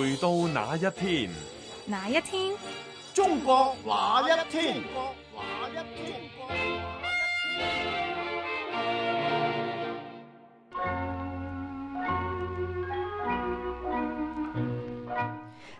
回到那一天，那一天，中國那一天。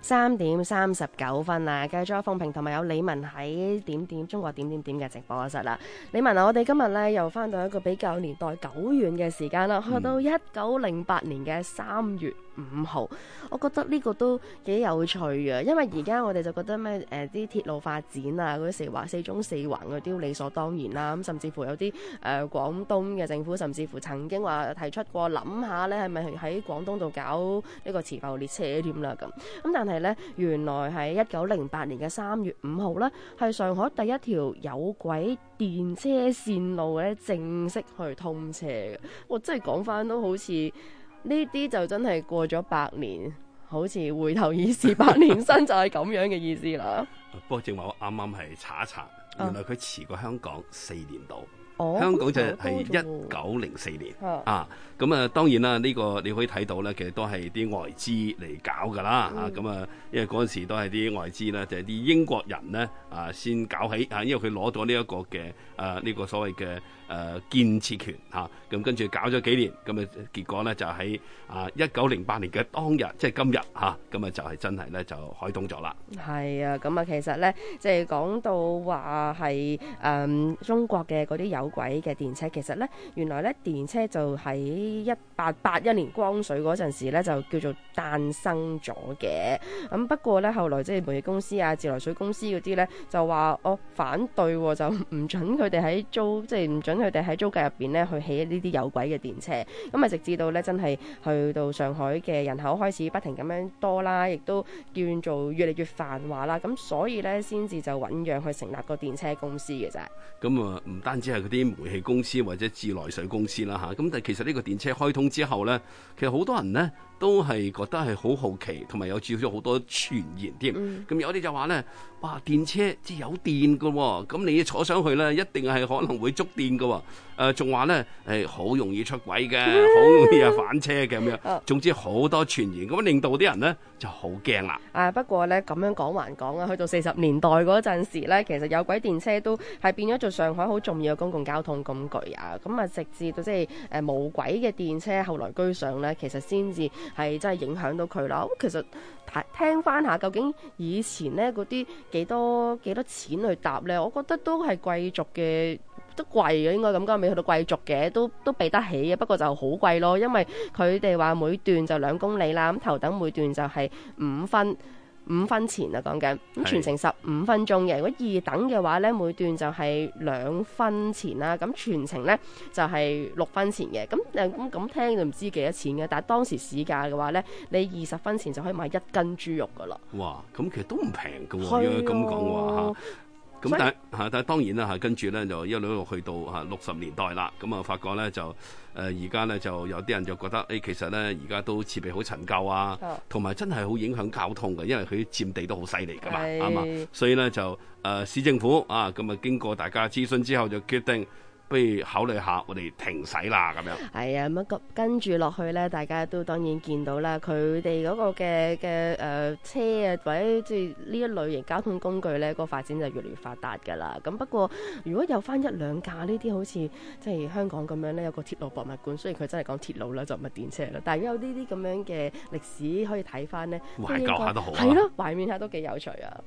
三點三十九分啦，繼續有風評，同埋有李文喺點點中國點點點嘅直播室啦。李文啊，我哋今日呢又返到一個比較年代久遠嘅時間啦，去、嗯、到一九零八年嘅三月五號，我覺得呢個都幾有趣嘅，因為而家我哋就覺得咩誒啲鐵路發展啊，嗰啲四環四中四橫嗰啲理所當然啦，咁甚至乎有啲誒廣東嘅政府，甚至乎曾經話提出過諗下呢係咪喺廣東度搞呢個磁浮列車添啦咁，咁但係。咧原來喺一九零八年嘅三月五號啦，係上海第一條有軌電車線路咧正式去通車嘅。哇，真係講翻都好似呢啲就真係過咗百年，好似回頭已是 百年身就係咁樣嘅意思啦。 不過正話，我啱啱係查一查，原來佢遲過香港四年度。哦、香港就係一九零四年、嗯、啊，咁啊當然啦，呢、呢個你可以睇到咧，其實都係啲外資嚟搞噶啦嚇，咁啊因為陣時都係啲外資咧，就係啲英國人咧啊先搞起啊，因為佢攞咗呢一、啊、個嘅啊呢、呢個所謂嘅誒建設權吓，咁、啊、跟住搞咗幾年，咁啊結果咧就喺啊一九零八年嘅當日，即、就、係、是、今日吓，咁啊就係、是、真係咧就開通咗啦。係啊，咁啊其實咧即係講到話係誒中國嘅啲有。有軌嘅電車，其實呢，原來呢電車就喺一八八一年光緒嗰陣時呢，就叫做誕生咗嘅。咁不過呢，後來即係煤氣公司啊、自來水公司嗰啲呢，就話我、哦、反對、哦，就唔准佢哋喺租，即係唔准佢哋喺租界入邊呢去起呢啲有軌嘅電車。咁啊，直至到呢，真係去到上海嘅人口開始不停咁樣多啦，亦都叫做越嚟越繁華啦。咁所以呢，先至就醞釀去成立個電車公司嘅啫、就是。咁啊，唔單止係啲煤氣公司或者自來水公司啦吓，咁、啊、但係其實呢個電車開通之後咧，其實好多人咧都係覺得係好好奇，同埋有少少好多傳言添。咁、嗯、有啲就話咧，哇電車即係有電噶、哦，咁你坐上去咧一定係可能會觸電噶、哦。誒仲話咧，誒好、哎、容易出軌嘅，好容易啊翻車嘅咁樣。 總之好多傳言，咁令到啲人咧就好驚啦。誒、啊、不過咧咁樣講還講啊，去到四十年代嗰陣時咧，其實有軌電車都係變咗做上海好重要嘅公共。交通工具啊，咁啊，直至到即係誒，無軌嘅電車後來居上呢，其實先至係真係影響到佢啦。咁其實聽翻下，究竟，以前呢嗰啲幾多幾多錢去搭呢？我覺得都係貴族嘅，都貴嘅，應該咁講，未去到貴族嘅，都都畀得起嘅。不過就好貴咯，因為佢哋話每段就兩公里啦，咁頭等每段就係五分。五分錢啊，講緊咁全程十五分鐘嘅。如果二等嘅話呢，每段就係兩分錢啦。咁全程呢，就係、係、六分、嗯嗯嗯、錢嘅。咁誒咁咁聽就唔知幾多錢嘅。但係當時市價嘅話呢，你二十分錢就可以買一斤豬肉噶啦。哇！咁其實都唔平㗎喎，如果咁講話。咁但係以但係，當然啦，跟住咧就一路一路去到六十年代啦，咁啊發覺咧就誒而家咧就有啲人就覺得，哎，其實咧而家都設備好陳舊啊，同埋好真係好影響交通嘅，因為佢佔地都好犀利噶嘛，嘛吧，的所以咧就誒，呃，市政府啊，咁啊經過大家諮詢之後就決定。可以考慮下，我哋停駛啦咁樣。係啊，咁跟住落去咧，大家都當然見到啦，佢哋嗰個嘅嘅誒車啊，或者即係呢一類型交通工具咧，個發展就越嚟越發達㗎啦。咁不過如果有翻一兩架呢啲，這些好似即係香港咁樣咧，有個鐵路博物館，雖然佢真係講鐵路啦，就唔係電車啦。但係有呢啲咁樣嘅歷史可以睇翻咧，懷舊下都好啊，係咯，懷念下都幾有趣啊！